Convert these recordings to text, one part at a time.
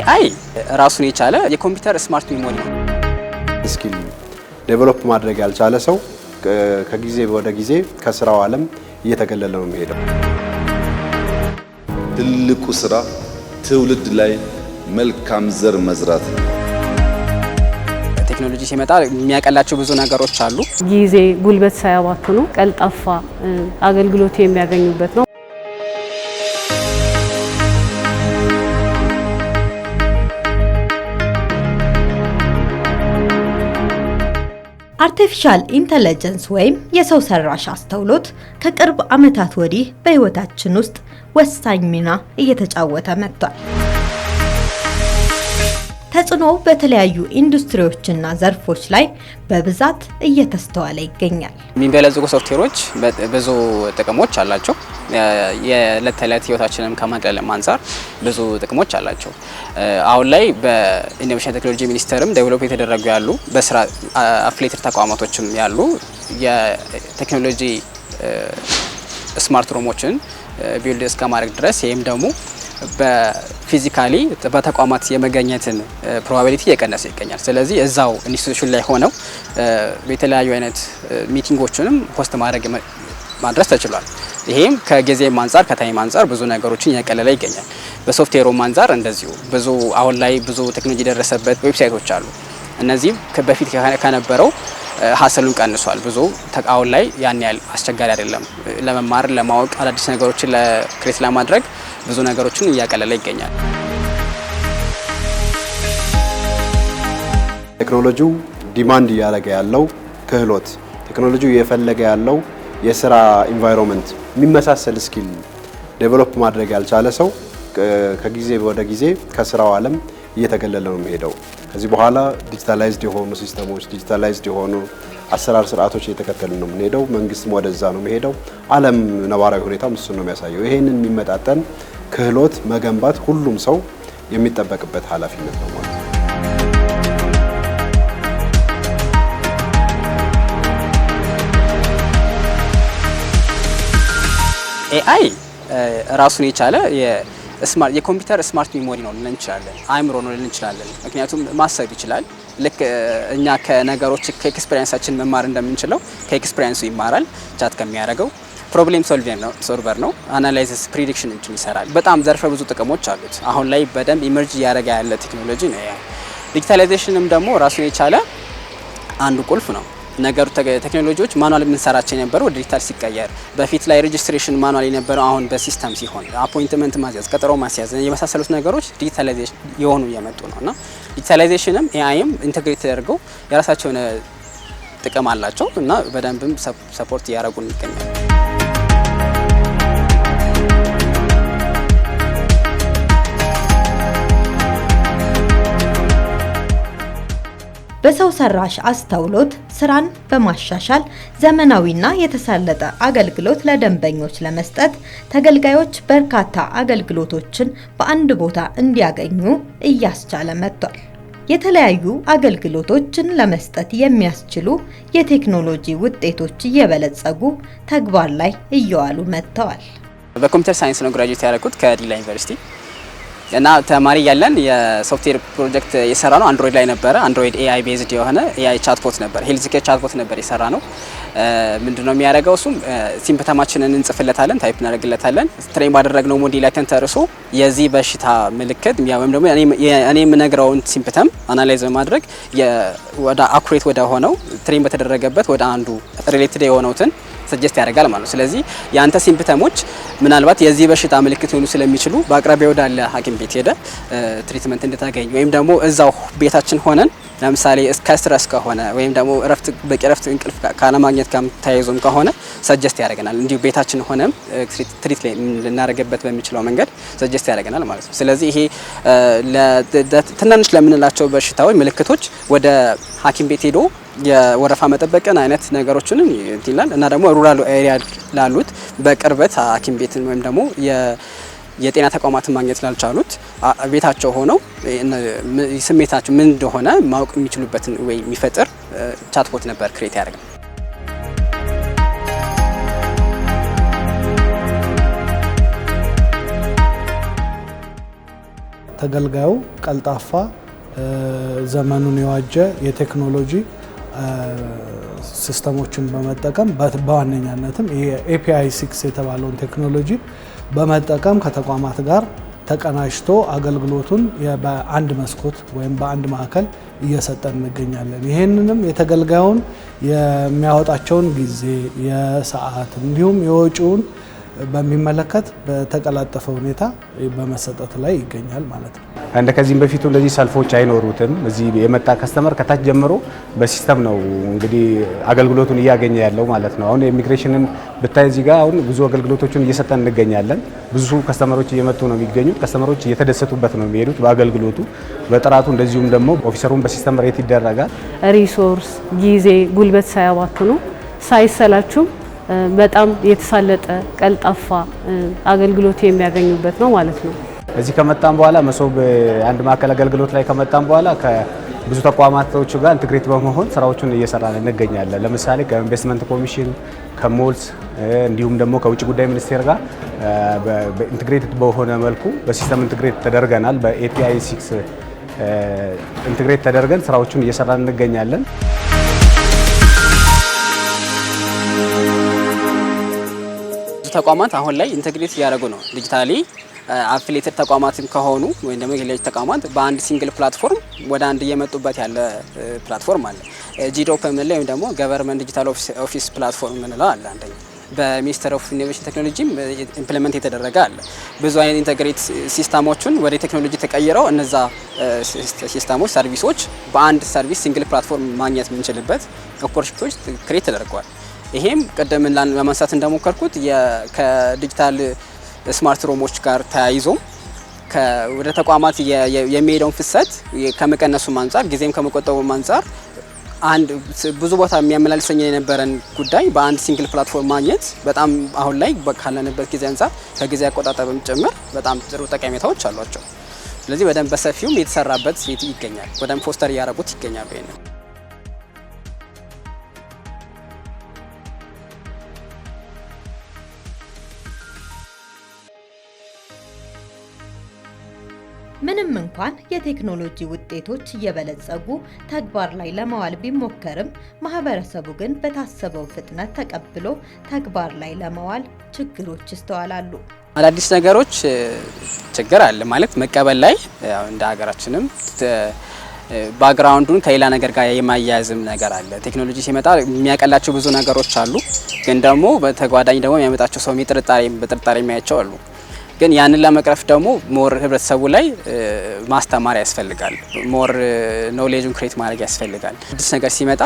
ኤአይ ራሱን የቻለ የኮምፒውተር ስማርት ሜሞሪ ስኪል ዴቨሎፕ ማድረግ ያልቻለ ሰው ከጊዜ ወደ ጊዜ ከስራው ዓለም እየተገለለ ነው የሚሄደው። ትልቁ ስራ ትውልድ ላይ መልካም ዘር መዝራት ነው። ቴክኖሎጂ ሲመጣ የሚያቀላቸው ብዙ ነገሮች አሉ። ጊዜ ጉልበት ሳያባክኑ ቀልጣፋ አገልግሎት የሚያገኙበት ነው። አርቲፊሻል ኢንተለጀንስ ወይም የሰው ሰራሽ አስተውሎት ከቅርብ ዓመታት ወዲህ በሕይወታችን ውስጥ ወሳኝ ሚና እየተጫወተ መጥቷል። ተጽዕኖ በተለያዩ ኢንዱስትሪዎችና ዘርፎች ላይ በብዛት እየተስተዋለ ይገኛል። የሚበለጽጉ ሶፍትዌሮች ብዙ ጥቅሞች አላቸው። የዕለት ተዕለት ህይወታችንም ከማቅለልም አንጻር ብዙ ጥቅሞች አላቸው። አሁን ላይ በኢኖቬሽን ቴክኖሎጂ ሚኒስቴርም ዴቨሎፕ የተደረጉ ያሉ በስራ አፍሌትር ተቋማቶችም ያሉ የቴክኖሎጂ ስማርት ሮሞችን ቢልድ እስከማድረግ ድረስ ይህም ደግሞ በፊዚካሊ በተቋማት የመገኘትን ፕሮባቢሊቲ እየቀነሰ ይገኛል። ስለዚህ እዛው ኢንስቲቱሽን ላይ ሆነው የተለያዩ አይነት ሚቲንጎችንም ሆስት ማድረግ ማድረስ ተችሏል። ይሄም ከጊዜም አንጻር ከታይም አንጻር ብዙ ነገሮችን እያቀለለ ይገኛል። በሶፍትዌሩም አንጻር እንደዚሁ ብዙ አሁን ላይ ብዙ ቴክኖሎጂ የደረሰበት ዌብሳይቶች አሉ። እነዚህም በፊት ከነበረው ሀሰሉን ቀንሷል። ብዙ አሁን ላይ ያን ያህል አስቸጋሪ አይደለም። ለመማር ለማወቅ፣ አዳዲስ ነገሮችን ለክሬት ለማድረግ ብዙ ነገሮችን እያቀለለ ይገኛል። ቴክኖሎጂው ዲማንድ እያደረገ ያለው ክህሎት ቴክኖሎጂው እየፈለገ ያለው የስራ ኢንቫይሮንመንት የሚመሳሰል ስኪል ዴቨሎፕ ማድረግ ያልቻለ ሰው ከጊዜ ወደ ጊዜ ከስራው አለም እየተገለለ ነው የሚሄደው። ከዚህ በኋላ ዲጂታላይዝድ የሆኑ ሲስተሞች፣ ዲጂታላይዝድ የሆኑ አሰራር ስርዓቶች እየተከተሉ ነው የምንሄደው። መንግስትም ወደዛ ነው የሚሄደው። ዓለም ነባራዊ ሁኔታም እሱን ነው የሚያሳየው። ይሄንን የሚመጣጠን ክህሎት መገንባት ሁሉም ሰው የሚጠበቅበት ኃላፊነት ነው ማለት ነው። ኤአይ ራሱን የቻለ ስማርት የኮምፒውተር ስማርት ሜሞሪ ነው ልንል እንችላለን፣ አይምሮ ነው ልንል እንችላለን። ምክንያቱም ማሰብ ይችላል። ልክ እኛ ከነገሮች ከኤክስፔሪንሳችን መማር እንደምንችለው ከኤክስፒሪንሱ ይማራል። ቻት ከሚያደርገው ፕሮብሌም ሶልቨር ነው። አናላይዝስ ፕሪዲክሽን እንትን ይሰራል። በጣም ዘርፈ ብዙ ጥቅሞች አሉት። አሁን ላይ በደንብ ኢመርጅ እያደረገ ያለ ቴክኖሎጂ ነው። ዲጂታላይዜሽንም ደግሞ ራሱን የቻለ አንዱ ቁልፍ ነው። ነገሩ ቴክኖሎጂዎች ማኑዋል የምንሰራቸው የነበረው ወደ ዲጂታል ሲቀየር፣ በፊት ላይ ሬጅስትሬሽን ማኑዋል የነበረው አሁን በሲስተም ሲሆን፣ አፖይንትመንት ማስያዝ፣ ቀጠሮ ማስያዝ የመሳሰሉት ነገሮች ዲጂታላይዜሽን የሆኑ እየመጡ ነው እና ዲጂታላይዜሽንም ኤአይም ኢንቴግሬት ተደርገው የራሳቸውን ጥቅም አላቸው እና በደንብም ሰፖርት እያደረጉን ይገኛል። በሰው ሰራሽ አስተውሎት ስራን በማሻሻል ዘመናዊና የተሳለጠ አገልግሎት ለደንበኞች ለመስጠት ተገልጋዮች በርካታ አገልግሎቶችን በአንድ ቦታ እንዲያገኙ እያስቻለ መጥቷል። የተለያዩ አገልግሎቶችን ለመስጠት የሚያስችሉ የቴክኖሎጂ ውጤቶች እየበለጸጉ ተግባር ላይ እየዋሉ መጥተዋል። በኮምፒውተር ሳይንስ ነው ግራጁዌት ያደረኩት ከዲላ ዩኒቨርሲቲ እና ተማሪ ያለን የሶፍትዌር ፕሮጀክት የሰራ ነው አንድሮይድ ላይ ነበረ። አንድሮይድ ኤአይ ቤዝድ የሆነ ኤአይ ቻትቦት ነበር፣ ሄልዝ ኬር ቻትቦት ነበር የሰራ ነው። ነው የሚያደርገው? እሱም ሲምፕተማችንን እንጽፍለታለን፣ ታይፕ እናደርግለታለን። ትሬን ባደረግነው ሞዴል ላይ ተንተርሶ የዚህ በሽታ ምልክት ወይም ደግሞ እኔ የምነግረውን ሲምፕተም አናላይዝ በማድረግ ወደ አኩሬት ወደ ሆነው ትሬን በተደረገበት ወደ አንዱ ሪሌትድ የሆነውትን ሰጀስት ያደርጋል ማለት ነው። ስለዚህ የአንተ ሲምፕተሞች ምናልባት የዚህ በሽታ ምልክት ሊሆኑ ስለሚችሉ በአቅራቢያ ወዳለ ሐኪም ቤት ሄደ ትሪትመንት እንድታገኝ ወይም ደግሞ እዛው ቤታችን ሆነን ለምሳሌ እስከ ስትረስ ከሆነ ወይም ደግሞ እረፍት በቂ እረፍት እንቅልፍ ካለማግኘት ጋር ተያይዞም ከሆነ ሰጀስት ያደርገናል። እንዲሁ ቤታችን ሆነም ትሪት ልናደርግበት በሚችለው መንገድ ሰጀስት ያደርገናል ማለት ነው። ስለዚህ ይሄ ትናንሽ ለምንላቸው በሽታዎች ምልክቶች ወደ ሐኪም ቤት ሄዶ የወረፋ መጠበቅን አይነት ነገሮችን ይላል እና ደግሞ ሩራል ኤሪያ ላሉት በቅርበት ሐኪም ቤትን ወይም ደግሞ የጤና ተቋማትን ማግኘት ላልቻሉት ቤታቸው ሆነው ስሜታቸው ምን እንደሆነ ማወቅ የሚችሉበትን ወይ የሚፈጥር ቻትቦት ነበር ክሬት ያደርግ ተገልጋዩ ቀልጣፋ ዘመኑን የዋጀ የቴክኖሎጂ ሲስተሞችን በመጠቀም በዋነኛነትም ኤፒአይ ሲክስ የተባለውን ቴክኖሎጂ በመጠቀም ከተቋማት ጋር ተቀናጅቶ አገልግሎቱን በአንድ መስኮት ወይም በአንድ ማዕከል እየሰጠን እንገኛለን። ይህንንም የተገልጋዩን የሚያወጣቸውን ጊዜ፣ የሰዓት እንዲሁም የወጪውን በሚመለከት በተቀላጠፈ ሁኔታ በመሰጠት ላይ ይገኛል ማለት ነው። እንደ ከዚህም በፊቱ እንደዚህ ሰልፎች አይኖሩትም። እዚህ የመጣ ከስተመር ከታች ጀምሮ በሲስተም ነው እንግዲህ አገልግሎቱን እያገኘ ያለው ማለት ነው። አሁን የኢሚግሬሽንን ብታይ እዚህ ጋር አሁን ብዙ አገልግሎቶችን እየሰጠን እንገኛለን። ብዙ ከስተመሮች እየመጡ ነው የሚገኙት። ከስተመሮች እየተደሰቱበት ነው የሚሄዱት በአገልግሎቱ በጥራቱ፣ እንደዚሁም ደግሞ ኦፊሰሩን በሲስተም ሬት ይደረጋል። ሪሶርስ፣ ጊዜ፣ ጉልበት ሳያባክኑ ሳይሰላችሁም በጣም የተሳለጠ ቀልጣፋ አገልግሎት የሚያገኙበት ነው ማለት ነው። እዚህ ከመጣም በኋላ መሶብ አንድ ማዕከል አገልግሎት ላይ ከመጣም በኋላ ከብዙ ተቋማቶቹ ጋር ኢንትግሬት በመሆን ስራዎቹን እየሰራ እንገኛለን። ለምሳሌ ከኢንቨስትመንት ኮሚሽን፣ ከሞልስ እንዲሁም ደግሞ ከውጭ ጉዳይ ሚኒስቴር ጋር ኢንትግሬትድ በሆነ መልኩ በሲስተም ኢንትግሬት ተደርገናል። በኤፒአይ ሲክስ ኢንትግሬት ተደርገን ስራዎቹን እየሰራ እንገኛለን። ተቋማት አሁን ላይ ኢንተግሬት እያደረጉ ነው ዲጂታሊ አፊሌትድ ተቋማትም ከሆኑ ወይም ደግሞ የሌሎች ተቋማት በአንድ ሲንግል ፕላትፎርም ወደ አንድ እየመጡበት ያለ ፕላትፎርም አለ። ጂዶፕ የምንለው ወይም ደግሞ ገቨርንመንት ዲጂታል ኦፊስ ፕላትፎርም የምንለው አለ አንደኛ በሚኒስቴር ኦፍ ኢኖቬሽን ቴክኖሎጂም ኢምፕሊመንት የተደረገ አለ። ብዙ አይነት ኢንተግሬት ሲስተሞችን ወደ ቴክኖሎጂ ተቀይረው እነዛ ሲስተሞች፣ ሰርቪሶች በአንድ ሰርቪስ ሲንግል ፕላትፎርም ማግኘት የምንችልበት ኦፖርቹኒቲዎች ክሬት ተደርገዋል። ይሄም ቅድም ለማንሳት እንደሞከርኩት ከዲጂታል ስማርት ሮሞች ጋር ተያይዞ ወደ ተቋማት የሚሄደውን ፍሰት ከመቀነሱም አንጻር ጊዜም ከመቆጠቡም አንጻር አንድ ብዙ ቦታ የሚያመላልሰኝ የነበረን ጉዳይ በአንድ ሲንግል ፕላትፎርም ማግኘት በጣም አሁን ላይ ካለንበት ጊዜ አንጻር ከጊዜ አቆጣጠብም ጭምር በጣም ጥሩ ጠቀሜታዎች አሏቸው። ስለዚህ በደንብ በሰፊውም የተሰራበት ይገኛል። በደንብ ፎስተር እያደረጉት ይገኛሉ ይሄንን እንኳን የቴክኖሎጂ ውጤቶች እየበለጸጉ ተግባር ላይ ለማዋል ቢሞከርም ማህበረሰቡ ግን በታሰበው ፍጥነት ተቀብሎ ተግባር ላይ ለማዋል ችግሮች ይስተዋላሉ። አዳዲስ ነገሮች ችግር አለ ማለት መቀበል ላይ እንደ ሀገራችንም ባክግራውንዱን ከሌላ ነገር ጋር የማያያዝም ነገር አለ። ቴክኖሎጂ ሲመጣ የሚያቀላቸው ብዙ ነገሮች አሉ፣ ግን ደግሞ በተጓዳኝ ደግሞ የሚያመጣቸው ሰው በጥርጣሬ የሚያያቸው አሉ። ግን ያንን ለመቅረፍ ደግሞ ሞር ህብረተሰቡ ላይ ማስተማር ያስፈልጋል። ሞር ኖሌጅን ክሬት ማድረግ ያስፈልጋል። አዲስ ነገር ሲመጣ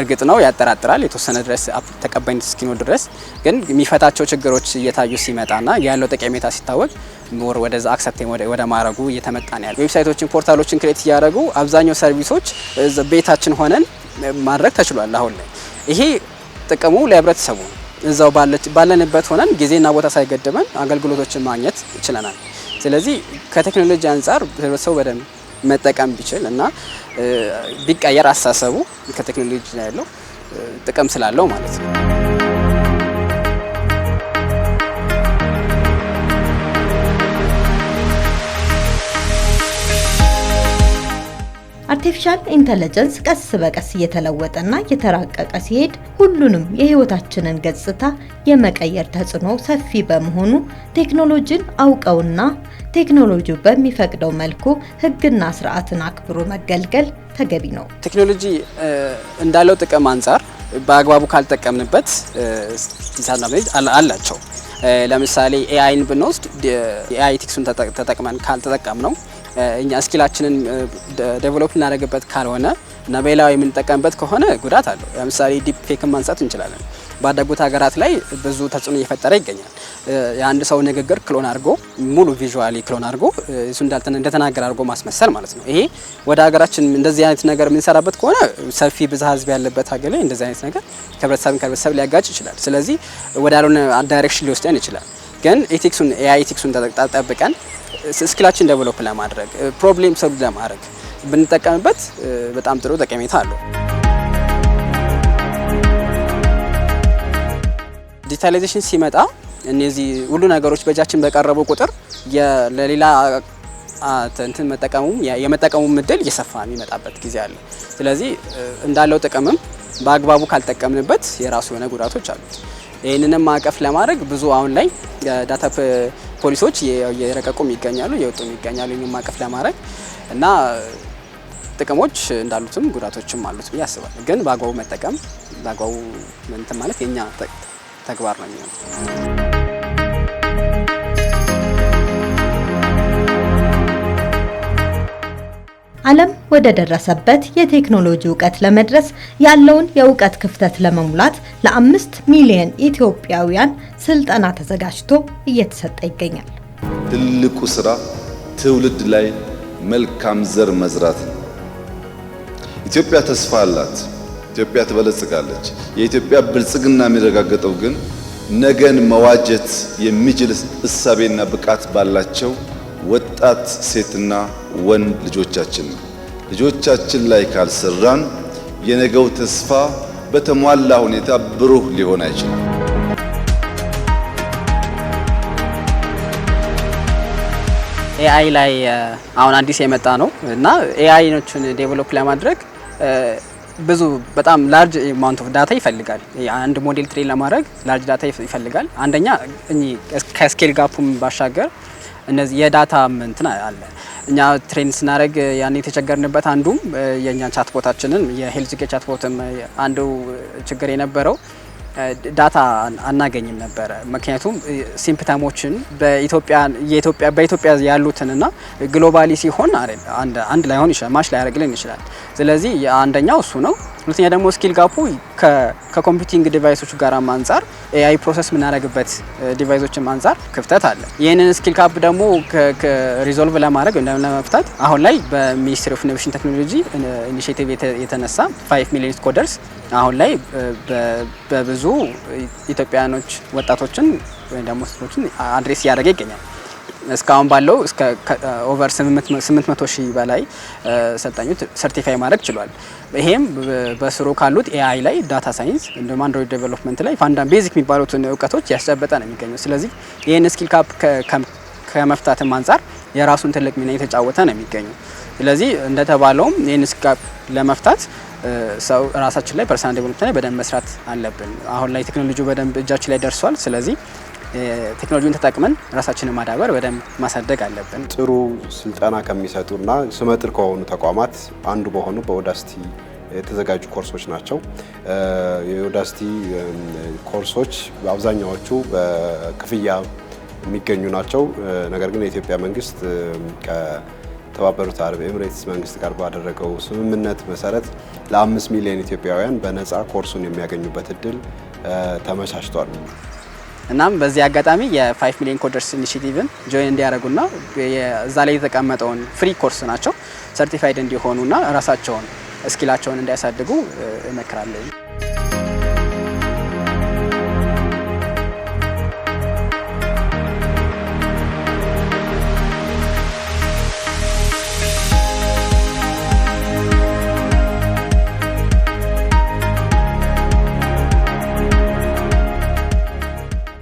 እርግጥ ነው ያጠራጥራል የተወሰነ ድረስ ተቀባይነት እስኪኖር ድረስ። ግን የሚፈታቸው ችግሮች እየታዩ ሲመጣና ያለው ጠቀሜታ ሲታወቅ ሞር ወደዛ አክሰፕት ወደ ማድረጉ እየተመጣ ነው ያለ። ዌብሳይቶችን ፖርታሎችን ክሬት እያደረጉ አብዛኛው ሰርቪሶች ቤታችን ሆነን ማድረግ ተችሏል አሁን ላይ ይሄ ጥቅሙ ለህብረተሰቡ እዛው ባለንበት ሆነን ጊዜና ቦታ ሳይገድበን አገልግሎቶችን ማግኘት ይችለናል። ስለዚህ ከቴክኖሎጂ አንጻር ህብረተሰቡ በደንብ መጠቀም ቢችል እና ቢቀየር አሳሰቡ ከቴክኖሎጂ ላይ ያለው ጥቅም ስላለው ማለት ነው። አርቲፊሻል ኢንተለጀንስ ቀስ በቀስ እየተለወጠና እየተራቀቀ ሲሄድ ሁሉንም የህይወታችንን ገጽታ የመቀየር ተጽዕኖ ሰፊ በመሆኑ ቴክኖሎጂን አውቀውና ቴክኖሎጂ በሚፈቅደው መልኩ ህግና ስርዓትን አክብሮ መገልገል ተገቢ ነው። ቴክኖሎጂ እንዳለው ጥቅም አንጻር በአግባቡ ካልጠቀምንበት ዲስአድቫንቴጅ አላቸው። ለምሳሌ ኤአይን ብንወስድ ኤአይ ቴክሱን ተጠቅመን ካልተጠቀም ነው እኛ እስኪላችንን ዴቨሎፕ ልናደርግበት ካልሆነ እና በሌላው የምንጠቀምበት ከሆነ ጉዳት አለው። ለምሳሌ ዲፕ ፌክን ማንሳት እንችላለን። ባደጉት ሀገራት ላይ ብዙ ተጽዕኖ እየፈጠረ ይገኛል። የአንድ ሰው ንግግር ክሎን አድርጎ ሙሉ ቪዥዋሊ ክሎን አድርጎ እሱ እንደተናገር አድርጎ ማስመሰል ማለት ነው። ይሄ ወደ ሀገራችን እንደዚህ አይነት ነገር የምንሰራበት ከሆነ ሰፊ ብዝሃ ህዝብ ያለበት ሀገር ላይ እንደዚህ አይነት ነገር ከህብረተሰብን ከህብረተሰብ ሊያጋጭ ይችላል። ስለዚህ ወደ ያልሆነ ዳይሬክሽን ሊወስደን ይችላል። ግን ኤቲክሱን ኤአይ ኤቲክሱን ተጠብቀን ስኪላችን ዴቨሎፕ ለማድረግ ፕሮብሌም ሰልቭ ለማድረግ ብንጠቀምበት በጣም ጥሩ ጠቀሜታ አለው። ዲጂታላይዜሽን ሲመጣ እነዚህ ሁሉ ነገሮች በእጃችን በቀረቡ ቁጥር ለሌላ እንትን መጠቀሙ የመጠቀሙ ምድል እየሰፋ የሚመጣበት ጊዜ አለ። ስለዚህ እንዳለው ጥቅምም በአግባቡ ካልጠቀምንበት የራሱ የሆነ ጉዳቶች አሉት። ይህንንም ማዕቀፍ ለማድረግ ብዙ አሁን ላይ ዳታ ፖሊሶች የረቀቁም ይገኛሉ፣ የወጡም ይገኛሉ። ይህንን ማዕቀፍ ለማድረግ እና ጥቅሞች እንዳሉትም ጉዳቶችም አሉት ብዬ አስባለሁ። ግን በአግባቡ መጠቀም በአግባቡ እንትን ማለት የእኛ ተግባር ነው የሚሆነው። ዓለም ወደ ደረሰበት የቴክኖሎጂ እውቀት ለመድረስ ያለውን የእውቀት ክፍተት ለመሙላት ለአምስት ሚሊዮን ኢትዮጵያውያን ስልጠና ተዘጋጅቶ እየተሰጠ ይገኛል። ትልቁ ስራ ትውልድ ላይ መልካም ዘር መዝራት ነው። ኢትዮጵያ ተስፋ አላት። ኢትዮጵያ ትበለጽጋለች። የኢትዮጵያ ብልጽግና የሚረጋገጠው ግን ነገን መዋጀት የሚችል እሳቤና ብቃት ባላቸው ወጣት ሴትና ወንድ ልጆቻችን ነው። ልጆቻችን ላይ ካልሰራን የነገው ተስፋ በተሟላ ሁኔታ ብሩህ ሊሆን አይችልም። ኤአይ ላይ አሁን አዲስ የመጣ ነው እና ኤአይኖችን ዴቨሎፕ ለማድረግ ብዙ በጣም ላርጅ ማውንት ኦፍ ዳታ ይፈልጋል። አንድ ሞዴል ትሬን ለማድረግ ላርጅ ዳታ ይፈልጋል። አንደኛ ከስኬል ጋፑም ባሻገር እነዚህ የዳታ እንትን አለ። እኛ ትሬን ስናደረግ ያን የተቸገርንበት አንዱም የእኛ ቻትቦታችንን የሄልዝጌ ቻትቦትም አንዱ ችግር የነበረው ዳታ አናገኝም ነበረ። ምክንያቱም ሲምፕተሞችን በኢትዮጵያ ያሉትን እና ግሎባሊ ሲሆን አንድ ላይሆን ይችላል ማሽ ላይ ላያደርግልን ይችላል። ስለዚህ አንደኛው እሱ ነው። ሁለተኛ ደግሞ ስኪል ጋፑ ከኮምፒውቲንግ ዲቫይሶች ጋር አንጻር ኤአይ ፕሮሰስ የምናደርግበት ዲቫይሶችም አንጻር ክፍተት አለ። ይህንን ስኪል ካፕ ደግሞ ሪዞልቭ ለማድረግ ወይም ለመፍታት አሁን ላይ በሚኒስትሪ ኦፍ ኢኖቬሽን ቴክኖሎጂ ኢኒሽቲቭ የተነሳ ፋይቭ ሚሊዮን ኮደርስ አሁን ላይ በብዙ ኢትዮጵያኖች ወጣቶችን ወይም ደግሞ ሴቶችን አድሬስ እያደረገ ይገኛል። እስካሁን ባለው እስከ ኦቨር 800 ሺህ በላይ ሰልጣኞች ሰርቲፋይ ማድረግ ችሏል። ይሄም በስሩ ካሉት ኤአይ ላይ ዳታ ሳይንስ እንዲሁም አንድሮይድ ዴቨሎፕመንት ላይ ፋንዳ ቤዚክ የሚባሉትን እውቀቶች ያስጨበጠ ነው የሚገኘው። ስለዚህ ይህን ስኪል ካፕ ከመፍታትም አንጻር የራሱን ትልቅ ሚና የተጫወተ ነው የሚገኘው። ስለዚህ እንደተባለውም ይህን ስኪል ካፕ ለመፍታት ሰው ራሳችን ላይ ፐርሰናል ዴቨሎፕመንት ላይ በደንብ መስራት አለብን። አሁን ላይ ቴክኖሎጂ በደንብ እጃችን ላይ ደርሷል። ስለዚህ ቴክኖሎጂን ተጠቅመን ራሳችንን ማዳበር በደንብ ማሳደግ አለብን። ጥሩ ስልጠና ከሚሰጡና ስመጥር ከሆኑ ተቋማት አንዱ በሆኑ በኦዳስቲ የተዘጋጁ ኮርሶች ናቸው። የኦዳስቲ ኮርሶች አብዛኛዎቹ በክፍያ የሚገኙ ናቸው። ነገር ግን የኢትዮጵያ መንግስት ከተባበሩት አረብ ኤምሬትስ መንግስት ጋር ባደረገው ስምምነት መሰረት ለአምስት ሚሊዮን ኢትዮጵያውያን በነፃ ኮርሱን የሚያገኙበት እድል ተመቻችቷል። እናም በዚህ አጋጣሚ የ5 ሚሊዮን ኮደርስ ኢኒሽቲቭን ጆይን እንዲያደርጉና እዛ ላይ የተቀመጠውን ፍሪ ኮርስ ናቸው ሰርቲፋይድ እንዲሆኑና ራሳቸውን እስኪላቸውን እንዲያሳድጉ እመክራለሁ።